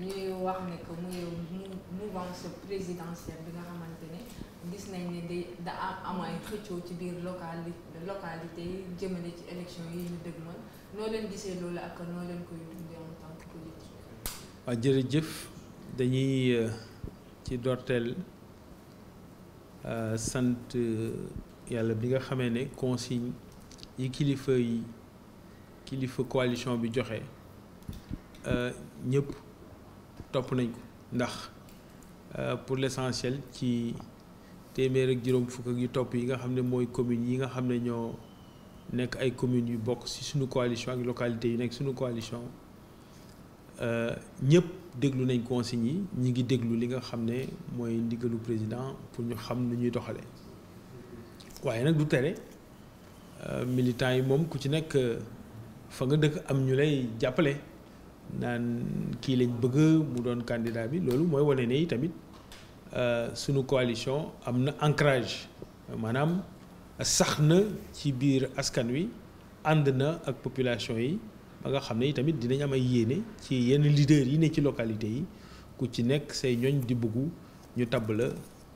ñuy wax ne que muy mouvance présidentielle bi nga xamante ne gis nañ ne da am ay xëccoo ci biir locali localité yi jëmale ci élection yi ñu dëgmal noo leen gisee loolu ak noo leen koy dundee en tant que politique. jërëjëf dañuy euh, ci dorteel euh, sant euh, yàlla bi nga xamee ne consigne yi kilifa kilifa coalition bi joxe ñépp topp nañ ko ndax euh, pour l'essentiel ci téeméer ak juróom fukk yu topp yi nga xam ne mooy communes yi nga xam ne ñoo nekk ay communes yu bokk ci suñu coalition ak localité yu nekk suñu coalition euh, ñëpp déglu nañ consignes yi ñi ngi déglu li nga xam ne mooy ndigalu président pour ñu xam nu ñuy doxale waaye nag du tere euh, militants yi moom ku ci nekk fa nga dëkk am ñu lay jàppale naan kii lañ bëgg mu doon candidat bi loolu mooy wane ne tamit euh, sunu coalition am na ancrage maanaam sax na ci biir askan wi ànd na ak population yi ba nga xam ne tamit dinañ am ay yéene ci yenn leader yi ne ci localité yi ku ci nekk say ñooñ di buggu ñu tabb la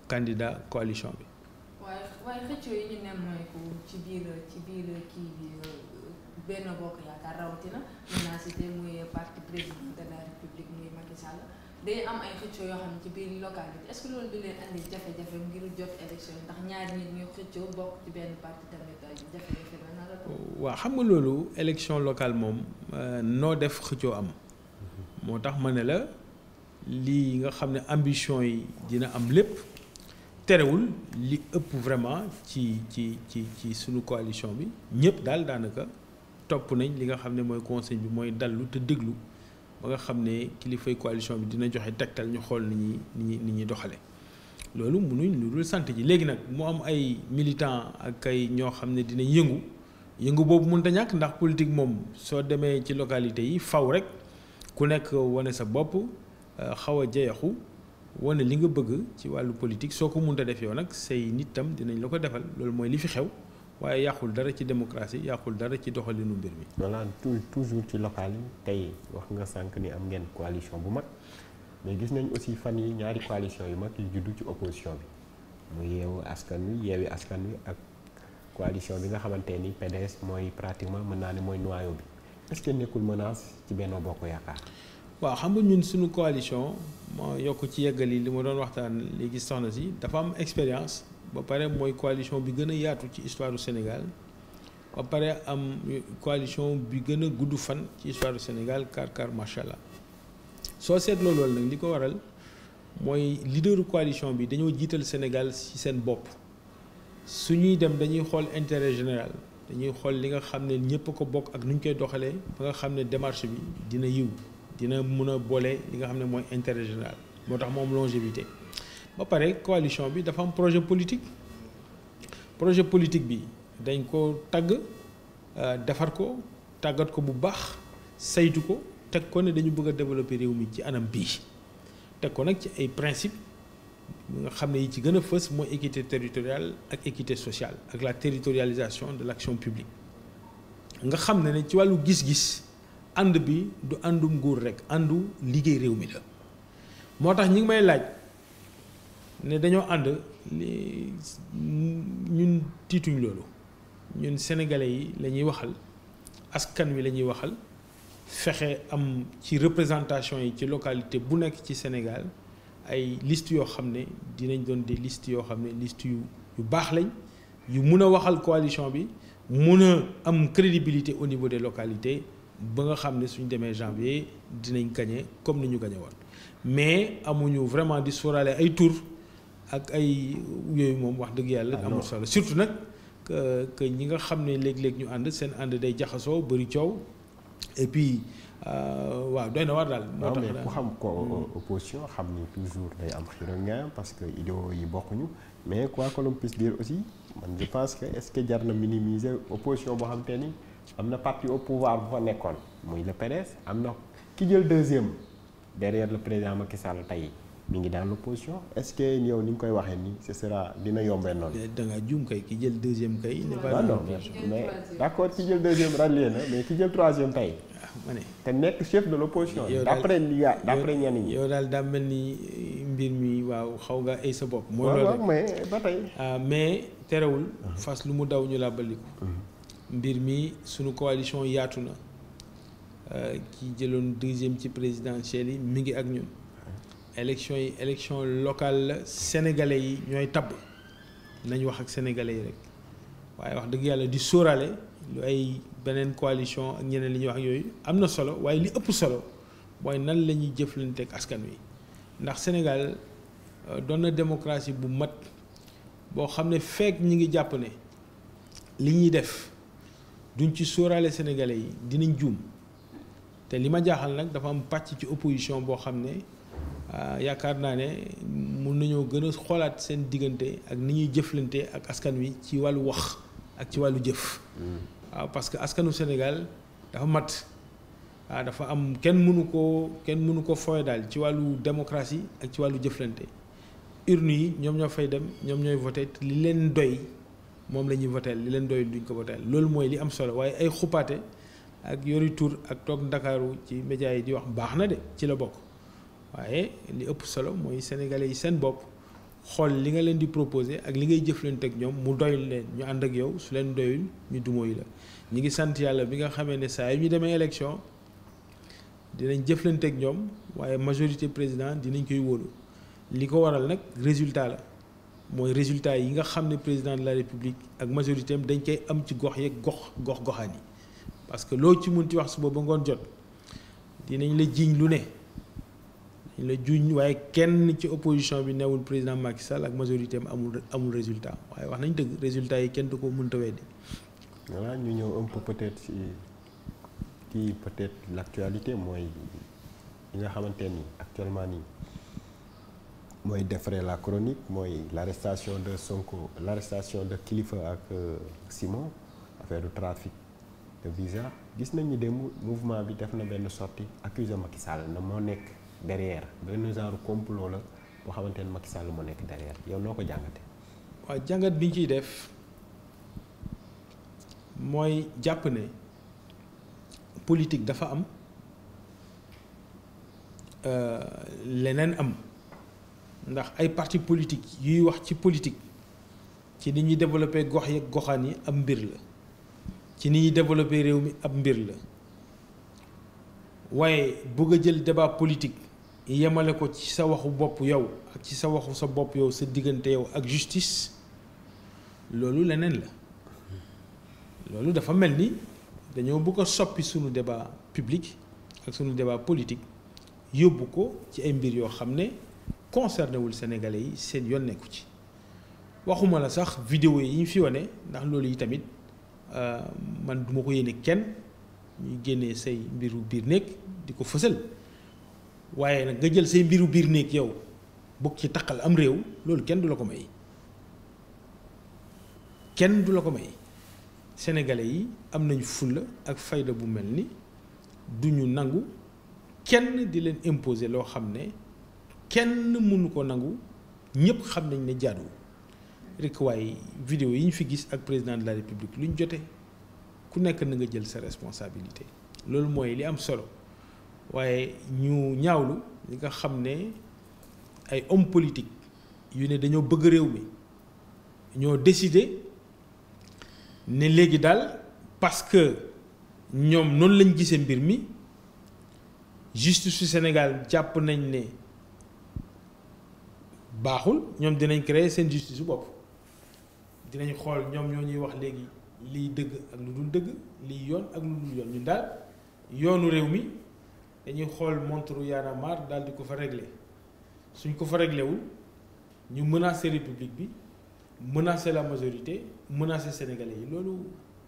candidat coalition bi. benn bokk yaakaar rawatina mën naa cité muy parti président de am ay xëccoo yoo xam ne ci biir localité est-ce que loolu du leen andi jafe-jafe ngir jot élection ndax ñaari nit bokk ci benn parti tamit jafe-jafe la xam nga loolu élection local moom euh, noo def xëccoo am moo tax ma ne la lii nga xam ne ambition yi dina am lépp terewul li ëpp vraiment ci ci ci ci suñu coalition bi ñëpp daal daanaka topp nañ li nga xam ne mooy conseil bi mooy dallu te déglu ba nga xam ne kilifay coalition bi dina joxe tegtal ñu xool ni ñuy ni ñuy ni ñuy doxale loolu munuñ lu dul sant ji léegi nag mu am ay militant ak ay ñoo xam ne dinañ yëngu yëngu boobu mun a ñàkk ndax politique moom soo demee ci localité yi faw rek ku nekk wane sa bopp euh, xaw a jeexu wane li nga bëgg ci wàllu politique soo ko mun a def yow nag say nit tam dinañ la ko defal loolu mooy li fi xew. waaye yàqul dara ci démocratie yàqul dara ci doxalinu mbir mi. voilà toujours ci local yi tey wax nga sànq ni am ngeen coalition bu mag mais gis nañ aussi fan yi ñaari coalition yu mag yu juddu ci opposition bi mu yeewu askan wi yeewi askan wi ak coalition bi nga xamante ni PDS mooy pratiquement mën naa ne mooy noyau bi est-ce que nekkul menace ci Benno Bokk Yaakaar. waaw xam suñu coalition ma yokk ci yeggal yi li ma doon waxtaan léegi soxna si dafa am expérience. ba pare mooy coalition bi gën a yaatu ci histoire Sénégal ba pare am coalition bi gën a gudd fan ci histoire Sénégal car car macha allah soo seetloo loolu nag li ko waral mooy leaderu coalition bi dañoo jiital Sénégal ci seen bopp su ñuy dem dañuy xool intérêt général dañuy xool li nga xam ne ñëpp ko bokk ak nu ñu koy doxalee ba nga xam ne démarche bi dina yiw dina mën a boole li nga xam ne mooy intérêt général moo tax moom longévité. ba pare coalition bi dafa am projet politique projet politique bi dañ ko tagg euh, defar ko tàggat ko bu baax saytu ko teg ko ne dañu bëgg a développer réew mi ci anam bii teg ko nag ci ay principe nga xam ne yi ci gën a fës mooy équité territoriale ak équité sociale ak la territorialisation de l'action publique nga xam ne ne ci wàllu gis-gis ànd bi du àndum nguur rek àndu liggéey réew mi la moo tax ñi ngi may laaj ne dañoo ànd ñun tiituñ loolu ñun sénégalais yi lañuy waxal askan wi la ñuy waxal fexe am ci représentation yi ci localité bu nekk ci Sénégal ay liste yoo xam ne dinañ doon des listes yoo xam ne liste yu yu baax lañ yu mun a waxal coalition bi mun a am crédibilité au niveau des localité ba nga xam ne suñ demee janvier dinañ gañe comme ni ñu gañe woon mais amuñu vraiment di sóoraale ay tour ak ay yooyu moom wax dëgg yàlla ah, amul solo surtout nag que ñi nga xam ne léeg-léeg ñu ànd seen ànd day jaxasoo bëri coow et puis euh, waaw doy na war daal moo tax ku xam ko hmm. euh, opposition xam ni toujours day am xiro ngaayam parce que idéo yi bokkuñu mais quoi que l'on aussi man je pense que est-ce que jar na minimiser opposition boo xam te ni am na parti au pouvoir bu fa nekkoon muy le PDS am na ki jël deuxième derrière le président Macky Sall tey mi ngi dans l'opposition est-ce que yow ni nga koy waxee nii ce sera dina yombee noonu. Eh, da ngaa kay ki jël deuxième kay. ne pas ah non mais d'accord ki jël deuxième rallié na mais ki jël troisième tey. Ah, ma ne te nekk chef de l'opposition. yow daal daal mel ni mbir mi waaw xaw nga ay sa bopp. mooy loolu mais ba tey. Ah, mais terewul. Uh-huh. fas lu mu daw ñu làbbaliku. Uh-huh. mbir mi sunu coalition yaatu na ki jëloon deuxième ci président yi mi ngi ak ñun. élection yi élection locale la sénégalais yi ñooy tabb nañ wax ak sénégalais yi rek waaye wax dëgg yàlla di sóorale lu ay beneen coalition ak ñeneen li ñuy wax yooyu am na solo waaye li ëpp solo mooy nan la ñuy jëflante ak askan wi ndax Sénégal euh, doon na bu mat boo xam ne fekk ñu ngi jàpp ne li ñuy def duñ ci sóorale sénégalais yi dinañ juum te li ma jaaxal nag dafa am pàcc ci opposition boo xam ne Euh, yaakaar naa ne mun nañoo gën a xoolaat seen diggante ak ni ñuy jëflante ak askan wi ci wàllu wax ak ci wàllu jëf. Mm. waaw parce que askanu Sénégal dafa mat waaw ah, dafa am kenn mënu koo kenn mënu ko foye daal ci wàllu démocratie ak ci wàllu jëflante urne yi ñoom ñoo fay dem ñoom ñooy voté li leen doy moom la ñuy voté li leen doy duñ ko voté loolu mooy li am solo waaye ay xupaate ak yori tur ak toog ndakaaru ci média yi di wax baax na de ci la bokk. waaye li ëpp solo mooy sénégalais yi seen bopp xool li nga leen di proposé ak li ngay jëflante ak ñoom mu doyul leen ñu ànd ak yow su leen doyul ñu dumo yi la ñu ngi sant yàlla bi nga xamee ne saa yu ñu demee élection dinañ jëflante ak ñoom waaye majorité président dinañ koy wóolu li ko waral nag résultat la mooy résultat yi nga xam ne président de la république ak majorité dañ koy am ci gox yeeg gox gox goxaan yi parce que loo ci mun ci wax suba ba ngoon jot dinañ la jiiñ lu ne la juñ waaye kenn ci opposition bi newul président Macky Sall ak majorité am amul amul résultat waaye wax nañ dëgg résultat yi kenn du ko mënta weddi. voilà ñu ñëw un peu peut-être ci kii peut-être l'actualité mooy li nga xamante ni actuellement nii mooy défrayer la chronique mooy l'arrestation de Sonko l'arrestation de kilifa ak euh, Simon affaire de trafic de visa gis nañ ni démb mouvement bi def na benn sortie accusé Macky Sall na moo nekk. derrière benn genre complot la boo xamante ne Macky Sall moo nekk derrière yow noo ko jàngate waa jàngat bi ñu ciy def mooy jàpp ne politique dafa am euh, leneen am ndax ay parti politique yuy wax ci politique ci ni ñuy développé gox yeeg goxaan yi ab mbir la ci ni ñuy développé réew mi ab mbir la waaye bëgg a jël débat politique yemale ko ci sa waxu bopp yow ak ci sa waxu sa bopp yow sa diggante yow ak justice loolu leneen la loolu dafa mel ni dañoo bëgg a soppi sunu débat public ak sunu débat politique yóbbu ko ci ay mbir yoo xam ne concerné wul sénégalais yi seen yoon nekku ci waxuma la sax vidéo yi ñu fi wane ndax loolu yi tamit euh, man duma ko yéene kenn ñuy génne say mbiru biir nekk di ko fësal waaye nag nga jël say mbiru biir néeg yow bokk ci taqal am réew loolu kenn du la ko may kenn du la ko may sénégalais yi am nañ fulla ak fayda bu mel ni duñu nangu kenn di leen imposer loo xam ne kenn mënu ko nangu ñëpp xam nañ ne jaadu rek waaye video yi ñu fi gis ak président de la république lu ñu jote ku nekk na nga jël sa responsabilité loolu mooy li am solo waaye ñu ñaawlu li nga xam ne ay homme politique yu ne dañoo bëgg réew mi ñoo décidé ne léegi daal parce que ñoom noonu lañ gisee mbir mi justice su Sénégal jàpp nañ ne baaxul ñoom dinañ créer seen justice su bopp dinañ xool ñoom ñoo ñuy wax léegi liy dëgg ak lu dul dëgg liy yoon ak lu dul yoon ñun daal yoonu réew mi dañuy xool montre Y'en a marre ko fa régler suñ ko fa réglé wul ñu menacer république bi menacer la majorité menacer sénégalais yi loolu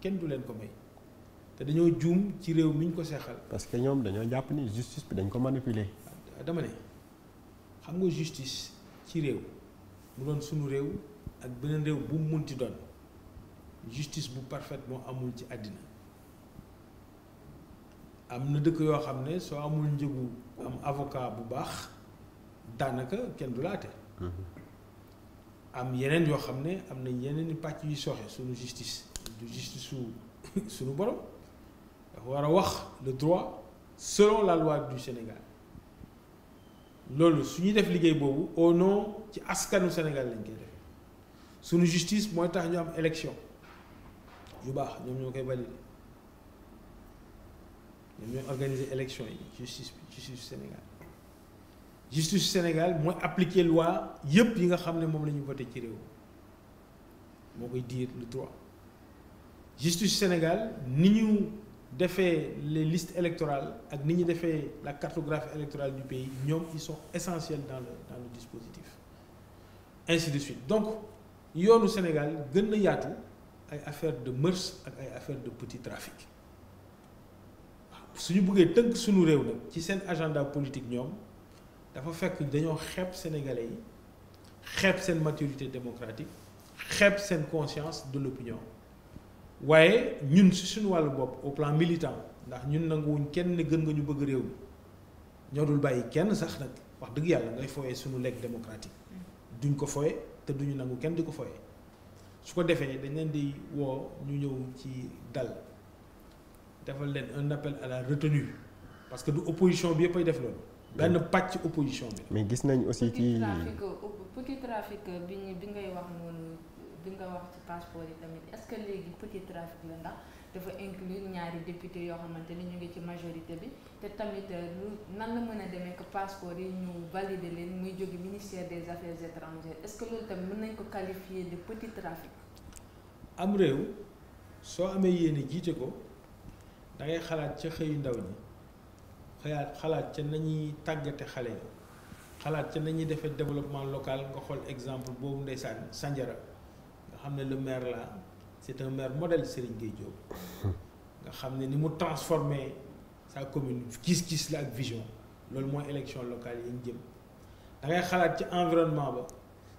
kenn du leen ko may te dañoo juum ci réew mi ñu ko seexal. parce que ñoom dañoo jàpp ni justice bi dañ ko manipuler. dama ne xam nga justice ci réew mu doon sunu réew ak beneen réew bu mu munti doon justice bu parfaite moo amul ci àddina. am na dëkk yoo xam ne soo amul njëgu am avocat bu baax daanaka kenn du laate mhm. am yeneen yoo xam ne am na yeneen i pàcc yu soxe suñu justice du justice su suñu borom dafa war a wax le droit selon la loi du Sénégal loolu su def liggéey boobu au nom ci askanu Sénégal lañ koy def suñu justice mooy tax ñu am élection yu baax ñoom ñoo koy valider ñoom ñooy organiser élection yi justice bi justice Sénégal justice Sénégal mooy appliquer loi yépp yi nga xam ne moom la ñu voté ci réew moo koy diir lu droit justice Sénégal ni ñu defee les listes électorales ak ni ñu defee la cartographie électorale du pays ñoom ils sont essentiels dans le dans le dispositif ainsi de suite donc yoonu Sénégal gën na yaatu ay affaire de mœurs ak ay affaire de petit trafic suñu buggee tënk suñu réew nag ci seen agendar politique ñoom dafa fekk dañoo xeeb sénégalais yi xeeb seen maturité démocratique xepp seen conscience de l'opinion waaye ñun si suñu wàllu bopp au plan militant ndax ñun nanguwuñ kenn gën nga ñu bëgg réew mi ñoo dul bàyyi kenn sax nag wax dëgg yàlla ngay foyee suñu legs démocratique duñ ko foye te duñu nangu kenn di ko foye su ko defee dañ leen di woo ñu ñëw ci dal defal leen un appel à la parce que du opposition bi yëpp ay def loolu. benn pàcc opposition bi. mais gis nañ aussi ci trafic petit trafic bi ñu bi ngay wax noonu bi nga wax ci passeport yi tamit est-ce que léegi petit trafic la ndax ñaari député yoo xamante ni ñu ngi ci majorité bi te tamit euh, lu nan la mën a demee ko passeport yi ñu valider leen muy jóge ministère des affaires étrangères est-ce que loolu tamit mën nañ ko qualifier de petit trafic. am réew soo amee yéene jiite ko. da ngay xalaat ca xëyu ndaw ñi xëyaat xalaat ca nañuy tàggate xale yi xalaat ca nañuy defe développement local nga xool exemple boobu ndeysaan Sandiara nga xam ne le maire la c'est le maire modèle seriñ Gueye Diop nga xam ne ni mu transformer sa commune gis-gis la ak vision loolu mooy élection locale yi jëm da ngay xalaat ci environnement ba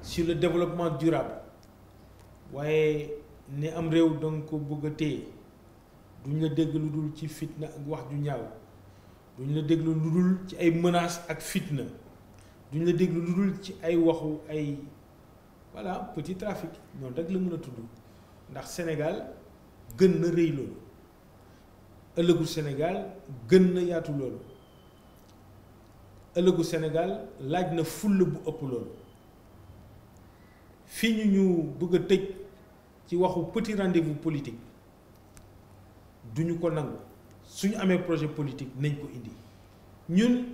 su le développement durable waaye ne am réew donc ko bëgg a téye duñ la dégg lu dul ci fitna ak wax ju ñaaw duñ la déglu lu dul ci ay mënaas ak fitna duñ la déglu lu dul ci ay waxu ay voilà petit trafic noonu rek la mën a tudd ndax Sénégal gën na rëy loolu ëllëgu Sénégal gën na yaatu loolu ëllëgu Sénégal laaj na fulla bu ëpp loolu fii ñu ñu bëgg a tëj ci waxu petit rendez-vous politique duñu ko nangu suñu amee projet politique nañ ko indi ñun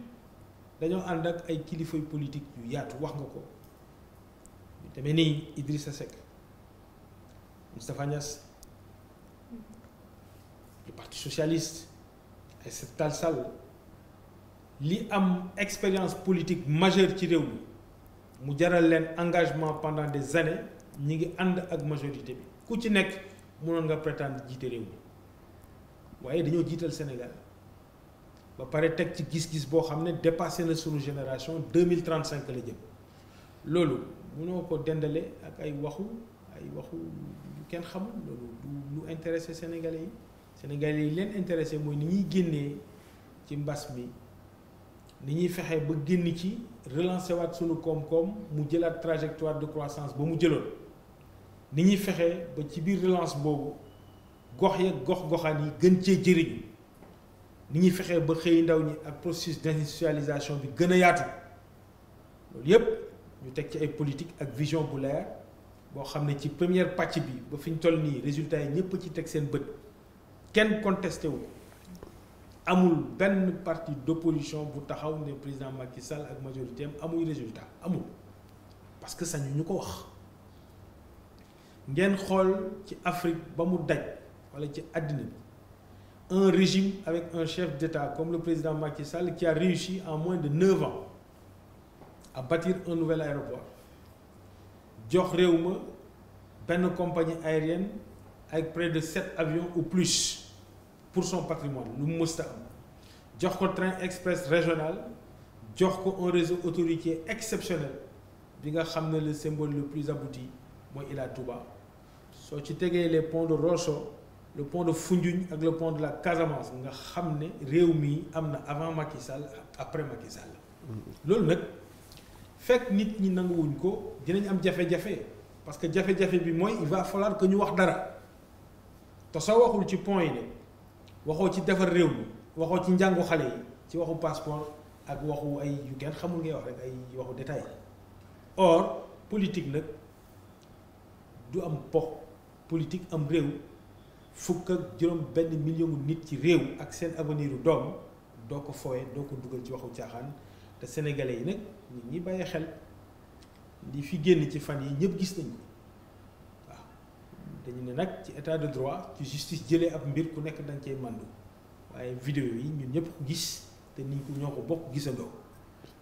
dañoo ànd ak ay kilifay politique yu yaatu wax nga ko deme demee nii Idrissa Seck Moustapha Niass le parti socialiste Aïssata Tall Sall li am expérience politique majeure ci réew mi mu jaral leen engagement pendant des années ñi ngi ànd ak majorité bi ku ci nekk mënoon nga prétendre jiite réew mi waaye dañoo jiital Sénégal ba pare teg ci gis-gis boo xam ne dépassé na sunu génération deux mille trente cinq la jëm loolu mënoo ko dendale ak ay waxu ay waxu yu kenn xamul loolu du lu intéressé Sénégalais yi Sénégalais yi leen intéressé mooy ni ñuy génnee ci mbas mi ni ñuy fexe ba génn ci relancer waat sunu koom-koom mu jëlaat trajectoire de croissance ba mu jëloon ni ñuy fexe ba ci biir relance boobu. gox ya gox-goxaan yi gën cee jëriñu ni ñuy fexee ba xëy ndaw ñi ak processus d'industrialisation bi gën a yaatu loolu yépp ñu teg ci ay politique ak vision bu leer boo xam ne ci première pàcc bi ba fi ñu toll nii résultat yi ñëpp ci teg seen bët kenn contesté wu amul benn parti d'opposition bu taxaw ne président Macky Sall ak majorité am amuy résultat amul parce que sañu ñu ko wax ngeen xool ci Afrique ba mu daj wala ci àddina bi un régime avec un chef d'État comme le président Macky Sall qui a réussi en moins de neuf ans à bâtir un nouvel aéroport jox réew ma benn compagnie aérienne avec près de sept avions ou plus pour son patrimoine lu mu mësta am jox ko train express régional jox ko un réseau autoroutier exceptionnel bi nga xam ne le symbole le plus abouti mooy Ila Touba soo ci tegee les ponts de Rosso le pont de Foundiougne ak le pont de la Casamance nga xam ne réew mi am na avant Macky après Macky Sall loolu nag fekk nit ñi nanguwuñ ko dinañ am jafe-jafe parce que jafe-jafe bi mooy il va falloir que ñu wax dara te soo waxul ci pont yi ne waxoo ci defar réew mi waxoo ci njàngu xale yi ci waxu passeport ak waxu ay yu kenn xamul ngay wax rek ay waxu détail or politique nag du am pox politique am réew fukk ak juróom benn million nit ci réew ak seen avenir yu doom doo ko fooye doo ko dugal ci waxu caaxaan te sénégalais yi nag nit ñi bàyyi xel li fi génn ci fan yi ñëpp gis nañ ko dañu ne nag ci état de droit ci jëlee ab mbir ku nekk dañ cey màndu waaye vidéo yi ñun ñëpp ko gis te nit ko ñoo ko bokk gisandoo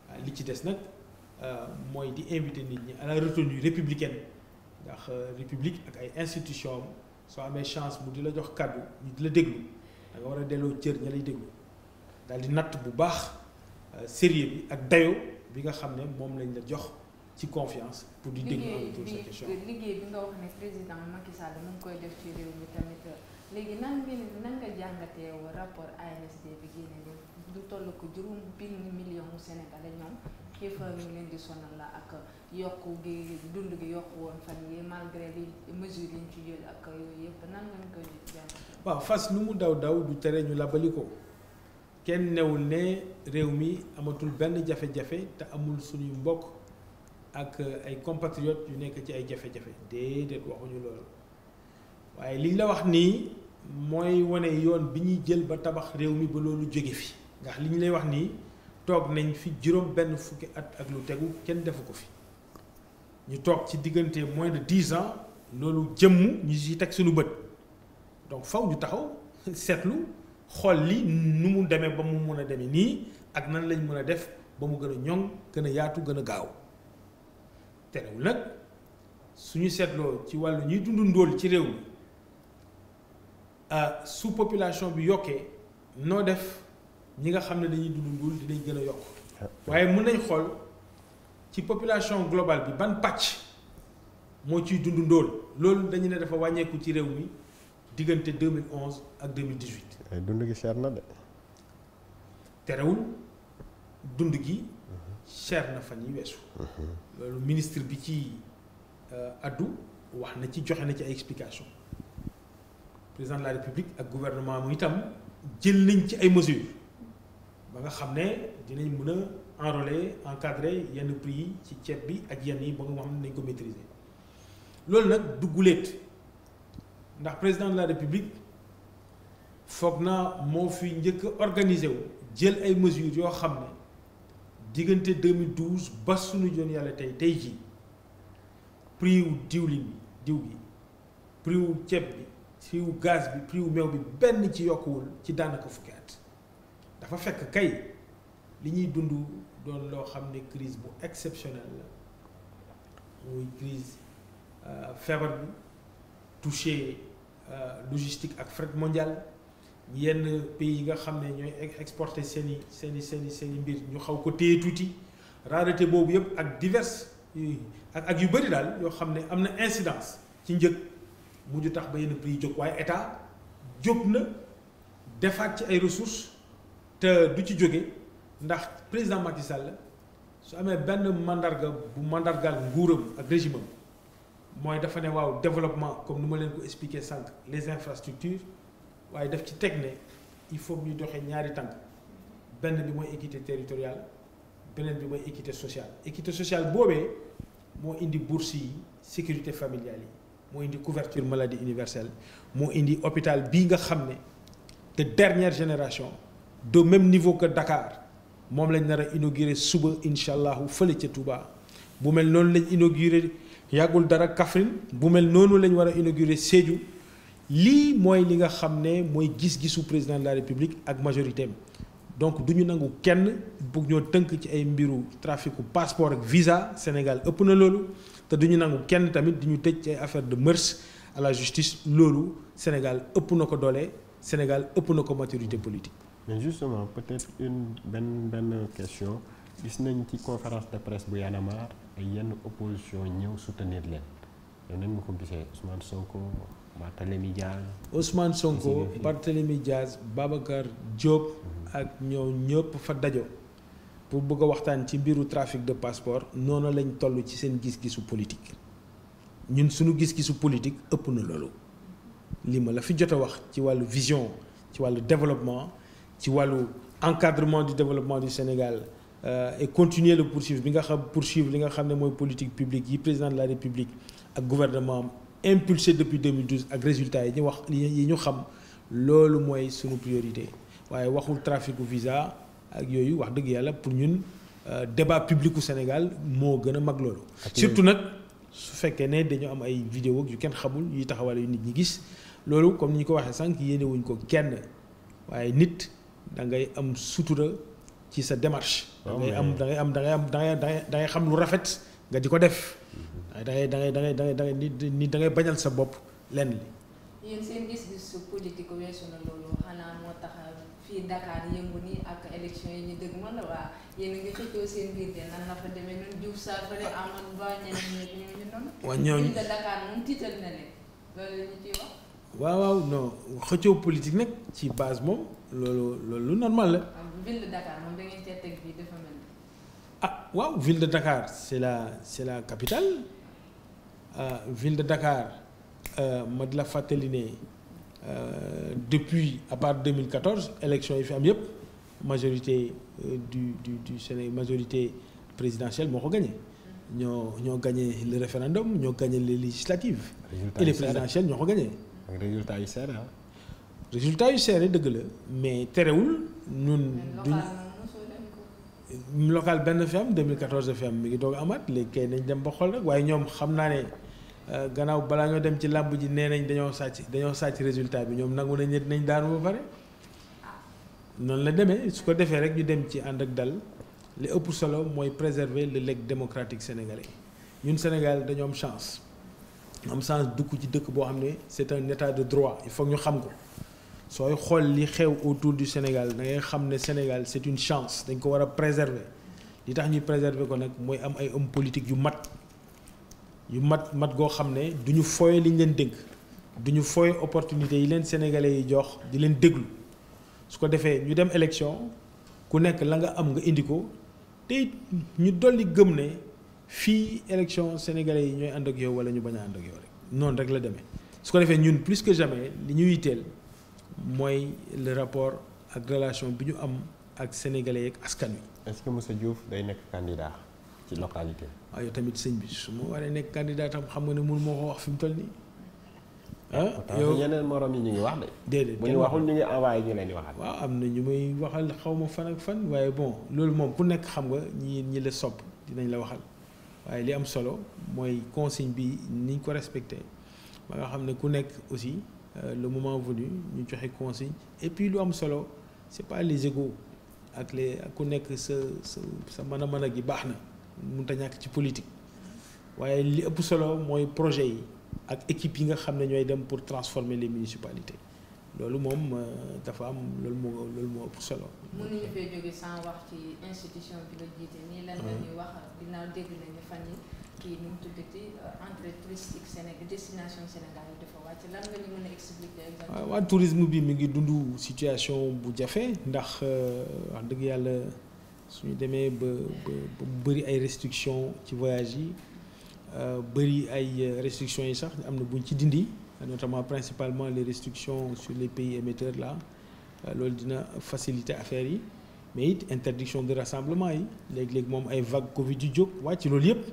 waaye li ci des nag euh, mooy di invité nit ñi à la retenue républicaine ndax euh, république ak ay institution soo amee chance bu di la jox kàddu ñu di la déglu da war a delloo cër ña lay déglu daal di natt bu baax euh, sérieux bi ak dayo bi nga xam ne moom lañ la jox ci confiance pour di déglu autour de sa question liggéey nga wax ne président Macky Sall koy def ci réew mi tamit léegi nan jàngatee rapport ANSD bi génne du toll ko juróom benn million xiifal ñu leen di sonal la ak waaw fas lu mu daw daw du tere ñu labali ko kenn newul ne réew mi amatul benn jafe-jafe te amul suñu mbokk ak ay compatriotes yu nekk ci ay jafe-jafe déedéet waxuñu loolu waaye liñ la wax nii mooy wane yoon bi ñuy jël ba tabax réew mi ba loolu jóge fi ndax liñ lay wax nii toog nañ fi juróom benn fukki at ak lu tegu kenn defu ko fi ñu toog ci diggante moins de dix ans loolu jëmm ñu si teg sunu bët donc faw ñu taxaw seetlu xool li nu mu demee ba mu mën a demee nii ak nan lañ mën a def ba mu gën a ñoŋ gën a yaatu gën a gaaw terewul nag suñu seetloo ci wàll ñuy dund ndóol ci réew mi ah, su population bi yokkee noo def ñi nga xam ne dañuy dund ndóol dinañ gën a yokk ah. waaye mun nañ xool ci population globale bi ban pàcc moo ciy dund ndóol loolu dañu ne dafa wàññeeku ci réew mi diggante 2011 ak 2018. Eh, dund gi cher na de. terewul dund gi cher mhm. na fan yi weesu. Mhm. loolu ministre bi ci euh, addu wax na ci joxe na ci ay explication président de la république ak gouvernement mu itam jël liñ ci ay mesures. ba nga xam ne dinañ mën a enrôler encadrer yenn prix yi ci ceeb bi ak yenn yi ba nga xam ne nañ ko maîtriser loolu nag du guléet ndax président de la république foog naa moo fi njëkk a organiser wu jël ay mesures yoo xam ne diggante 2012 ba suñu joon yàlla tey tey jii prix wu diwlin diw gi prix wu ceeb bi prix wu gaz bi prix wu meew bi benn ci yokkuwul ci daanaka fukki at dafa fekk kay li ñuy dund doon loo xam ne crise bu exceptionnelle la muy crise euh, feebar bi touché euh, logistique ak fret mondial yenn pays yi nga xam ne ñooy exporte seeni seeni seeni seeni mbir ñu xaw ko téye tuuti rareté boobu yëpp ak diverses ak ak yu bëri daal yoo xam ne am na incidence ci njëg mujj tax ba yenn prix jóg waaye état jóg na defaat ci ay ressources te du ci jóge ndax président Macky su amee benn mandarga bu mandargaal nguuram ak régime mooy dafa ne waaw développement comme nu ma leen ko expliquer sànq les infrastructures waaye daf ci teg ne il faut ñu doxee ñaari tànk benn bi mooy équité territoriale beneen bi mooy équité sociale équité sociale boobee moo indi bourse yi sécurité familiale yi moo indi couverture maladie universelle moo indi hôpital bii nga xam ne te dernière génération de même niveau que Dakar moom lañ nar a inauguré suba incha allahu fële ca Touba bu mel noonu lañ inauguré yàggul dara Kaffrine bu mel noonu lañ war a inauguré Sédhiou lii mooy li nga xam ne mooy gis-gisu président de la république ak majorité am donc du ñu nangu kenn bu ñoo tënk ci ay mbiru traficu passeport ak visa Sénégal ëpp na loolu te du ñu nangu kenn tamit di ñu tëj ci ay affaire de mœurs à la justice loolu Sénégal ëpp na ko doole Sénégal ëpp na ko maturité politique. mais justement peut une benn benn question gis nañ ci conférence de presse bu Y'en a marre ay yenn opposition ñëw soutenir leen yow nan nga ko gisee Ousmane Sonko Barthélémy Diaz Ousmane Sonko Barthélémy mm-hmm. ak ñëw ñëpp fa dajo pour bëgg waxtaan ci mbiru trafic de passeport noonu lañ toll ci seen gis-gisu politique ñun suñu gis-gisu politique ëpp na loolu li ma la fi jot a wax ci wàllu vision ci wàllu développement ci wàllu encadrement du développement du Sénégal euh, et continuer le poursuivre bi nga xam poursuivre li nga xam ne mooy politique publique yi président de la République ak gouvernement am impulsé depuis 2012 ak résultat yi ñu wax yi ñu xam loolu mooy sunu priorité waaye waxul traficu visa ak yooyu wax dëgg yàlla pour ñun euh, débat publiku Sénégal moo gën a mag loolu surtout nag su fekkee ne dañu am ay vidéo yu kenn xamul yuy taxawal yu nit ñi gis loolu comme ni ñu ko waxee sànq yéene wuñ ko kenn da ngay am sutura ci sa démarche. Ah da ngay am da am da ngay am xam lu rafet nga di ko def. Mm-hmm. da ngay da dangay da nit da bañal sa bopp lenn li. yéen seen gis-gisu politique weesu na loolu xanaa moo tax fii Dakar yëngu ni ak élection yi ñu dëgg mën la waa yéen ngi xëccoo seen biir de nan la fa demee noonu Diouf Sarr bële Amadou Ba ñeneen ñu noonu. waa ñooñu tiital na leen loolu la ñu wax. waaw waaw non xëccoo politique nag ci base moom loolu loolu lu normal la. Ah, ville de ah waaw ville de Dakar c' la c' est la capital ah ville de Dakar euh, ma di la fàttali ne euh, depuis à part 2014 élection yi fi am yëpp majorité euh, du du du Sénégal majorité présidentielle moo ko gagné. Mm. ñoo ñoo gagné le référendum ñoo gagné le législatives. et les présidentielles ñoo ko gagné. ak résultat yu seer ah résultat yu seer dëgg la mais terewul ñun du local benn fi am 2014 fi am mi ngi doog amaat léegi kay nañ dem ba xool rek waaye ñoom xam naa ne euh, gannaaw balaa ñoo dem ci làmb ji nee nañ dañoo sàcc dañoo sàcc résultat bi ñoom nangu nañ nañ daanu ba pare noonu la demee su ko defee rek ñu dem ci ànd ak dal li ëpp solo mooy préserver le legs démocratique sénégalais ñun Sénégal dañoo am chance am sens dugg ci dëkk boo xam ne c'est un état de droit il faut ñu xam ko sooy xool li xew autour du Sénégal da ngay xam ne Sénégal c'est une chance dañ ko war a préserver li tax ñuy préserver ko nag mooy am ay hommes politiques yu mat yu mat mat goo xam ne du ñu fooye liñ leen dënk du ñu fooye opportunité yi leen sénégalais yi jox di leen déglu su ko defee ñu dem élection ku nekk la nga am nga indi ko te ñu dolli gëm ne. fii élection sénégalais yi ñooy ànd ak yow wala ñu bañ a ànd ak yow noonu rek la demee su ko defee ñun plus que jamais li ñu yitteel mooy le rapport ak relation bi ñu am ak sénégalais yeeg askan wi. est-ce que Moussa Diouf day nekk candidat ci localité waaw yow tamit sëñ bi su ma waree nekk candidat tam xam nga ne mun moo ko wax fi mu toll nii. ah yow yeneen morom yi ñu ngi wax de. déedéet bu ñu waxul ñu ngi envoyé ñu leen di waxal. waaw am na ñu may waxal xaw ma fan ak fan waaye loolu moom ku nekk xam nga ñi ñi la sopp dinañ la waxal. waaye li am solo mooy consigne bi niñ ko respecté ba nga xam ne ku nekk aussi euh, le moment venu ñu joxe consigne et puis lu am solo c'est pas les égos ak les ku nekk sa sa sa mën a mën a gi baax na mënut a ñàkk ci politique waaye li ëpp solo mooy projet yi ak équipe yi nga xam ne ñooy dem pour transformer les municipalités loolu moom euh, dafa am loolu moo loolu moo ëpp solo. mënuñu fee jóge sans wax ci institution bi la jiite nii lan la wax ginnaaw dégg nañu fan yi kii nu mu tuddati euh, entrée touristique Sénégal destination Sénégal yi dafa wàcc lan nga ñu mën a expliquer exactement. tourisme bi mi ngi dund situation bu jafe ndax euh, wax dëgg yàlla suñu demee ba ba ba bëri ay restrictions ci voyage yi bëri ay restrictions yi sax am na buñ ci dindi. Euh, notamment principalement les restrictions sur les pays émetteurs là euh, loolu dina facilité affaire yi mais it interdiction de rassemblement yi léeg-léeg moom ay vague Covid yu jóg wàcc loolu yëpp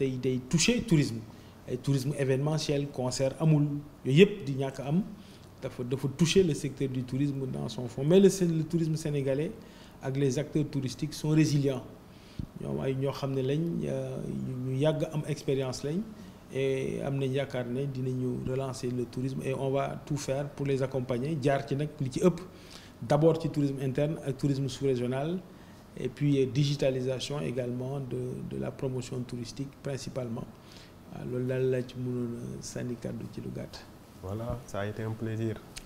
tey day toucher tourisme ay tourisme événementiel concert amul yooyu yëpp di ñàkk am dafa dafa toucher le secteur du tourisme dans son fond mais le le sénégalais ak les acteurs touristiques sont résilients ñoom ay ñoo xam ne lañ euh, ñu yàgg am expérience lañ et am nañ yaakaar ne ñu relancer le tourisme et on va tout faire pour les accompagner jaar ci nag li ci ëpp d'abord ci tourisme interne ak tourisme sous-régional et puis digitalisation également de de la promotion touristique principalement loolu daal la ci mënoon sànni du ci lu gàtt. voilà ça a été un plaisir.